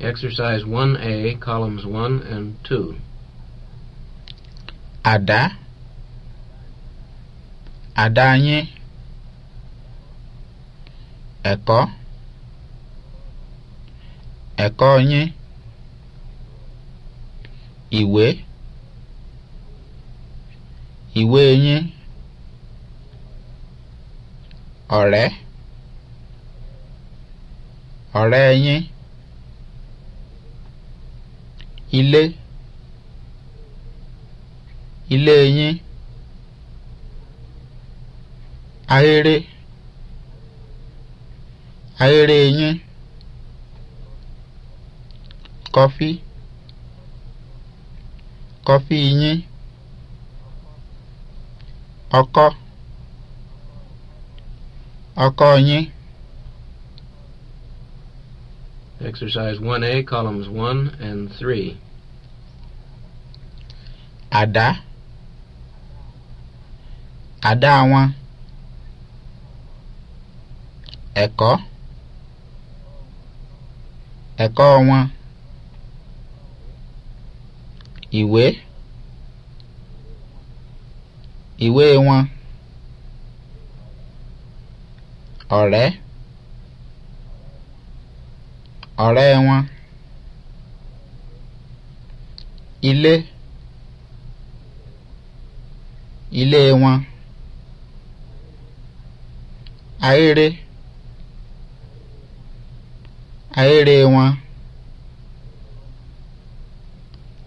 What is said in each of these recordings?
Exercise 1A, columns 1 and 2. Ada. Ada anyị. Ẹ̀kọ́. Ẹ̀kọ́ yín. Ìwé. Ìwé yín. Ọ̀rẹ́. Ọ̀rẹ́ yín. ilé ilé yín ahéré ahéré yín kọfí kọfí yín ọkọ ọkọ yín. Exercise 1A, columns 1 and 3. Ada. Adawa. Ẹ̀kọ́. Ẹ̀kọ́ one. Ìwé. Ìwé one. Ọ̀rẹ́. ọ̀rẹ́ wọn ilé ilé wọn ahéré ahéré wọn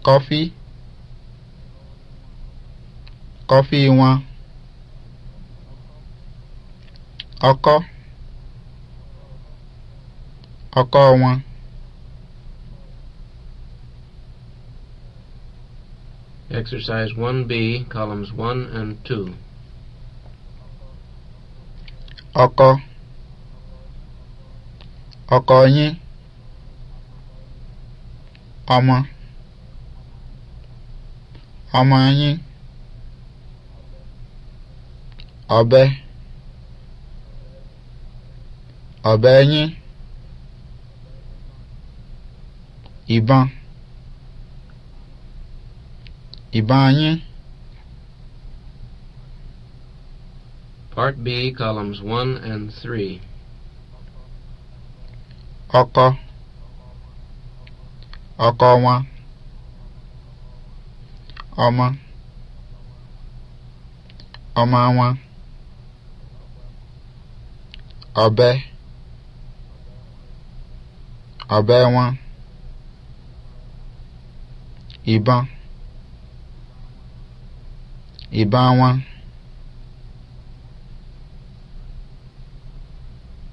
kọfí kọfí wọn ọkọ. ọkọ wọn Exercise 1B, columns 1 and 2. Ọkọ. Ọkọ yín. Ọmọ. Ọmọ yín. Ọ̀bẹ. Ọ̀bẹ yín. ìbọn ìbọn yín. Part B, columns one and three. ọkọ ọkọ wọn ọmọ ọmọ wọn ọbẹ ọbẹ wọn. ịba ịbanwa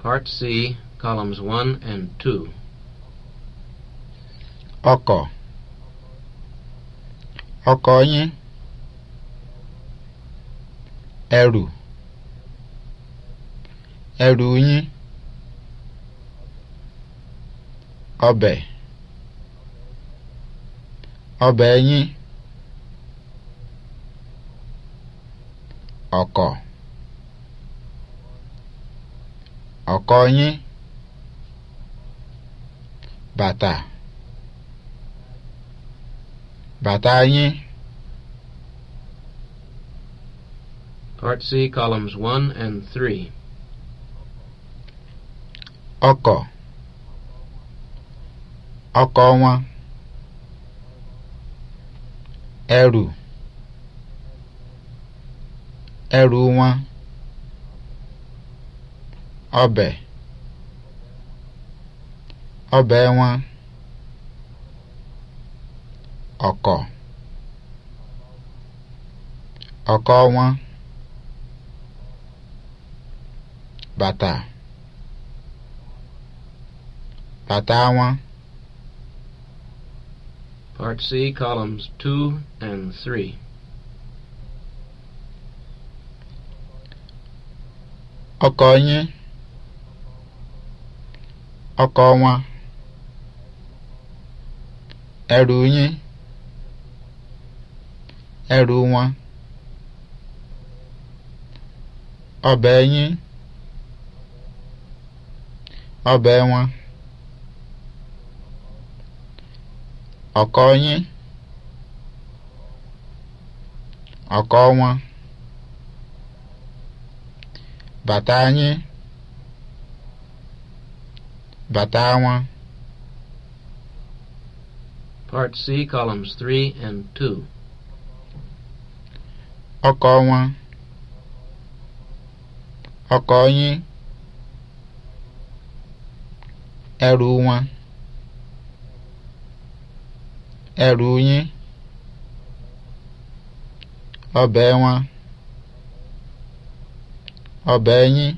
Part C, columns 1 and 2. Ọkọ. Ọkọ yín. Ẹrù. Ẹrù yín. ọbẹ ọbẹ̀yìn ọ̀kọ̀ ọ̀kọ̀ yín bàtà bàtà yín. Part C, columns 1 and 3. ọkọ̀ ọkọ̀ 1. Eru ẹrù wọn ọbẹ ọbẹ wọn ọkọ ọkọ wọn bàtà bàtà wọn. Part C, columns 2 and 3. ọkọ yín ọkọ wọn ẹrù yín ẹrù wọn ọbẹ̀ yín ọbẹ̀ wọn. ọkọ yín ọkọ wọn bàtà yín bàtà wọn. Part C, columns 3 and 2. Ọkọ wọn. Ọkọ yín. Ẹrù wọn. ẹrù yín ọbẹ̀ wọn ọbẹ̀ yín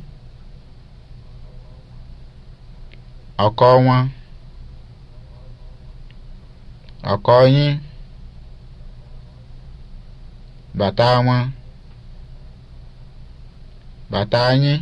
ọkọ wọn ọkọ yín bàtà wọn bàtà yín.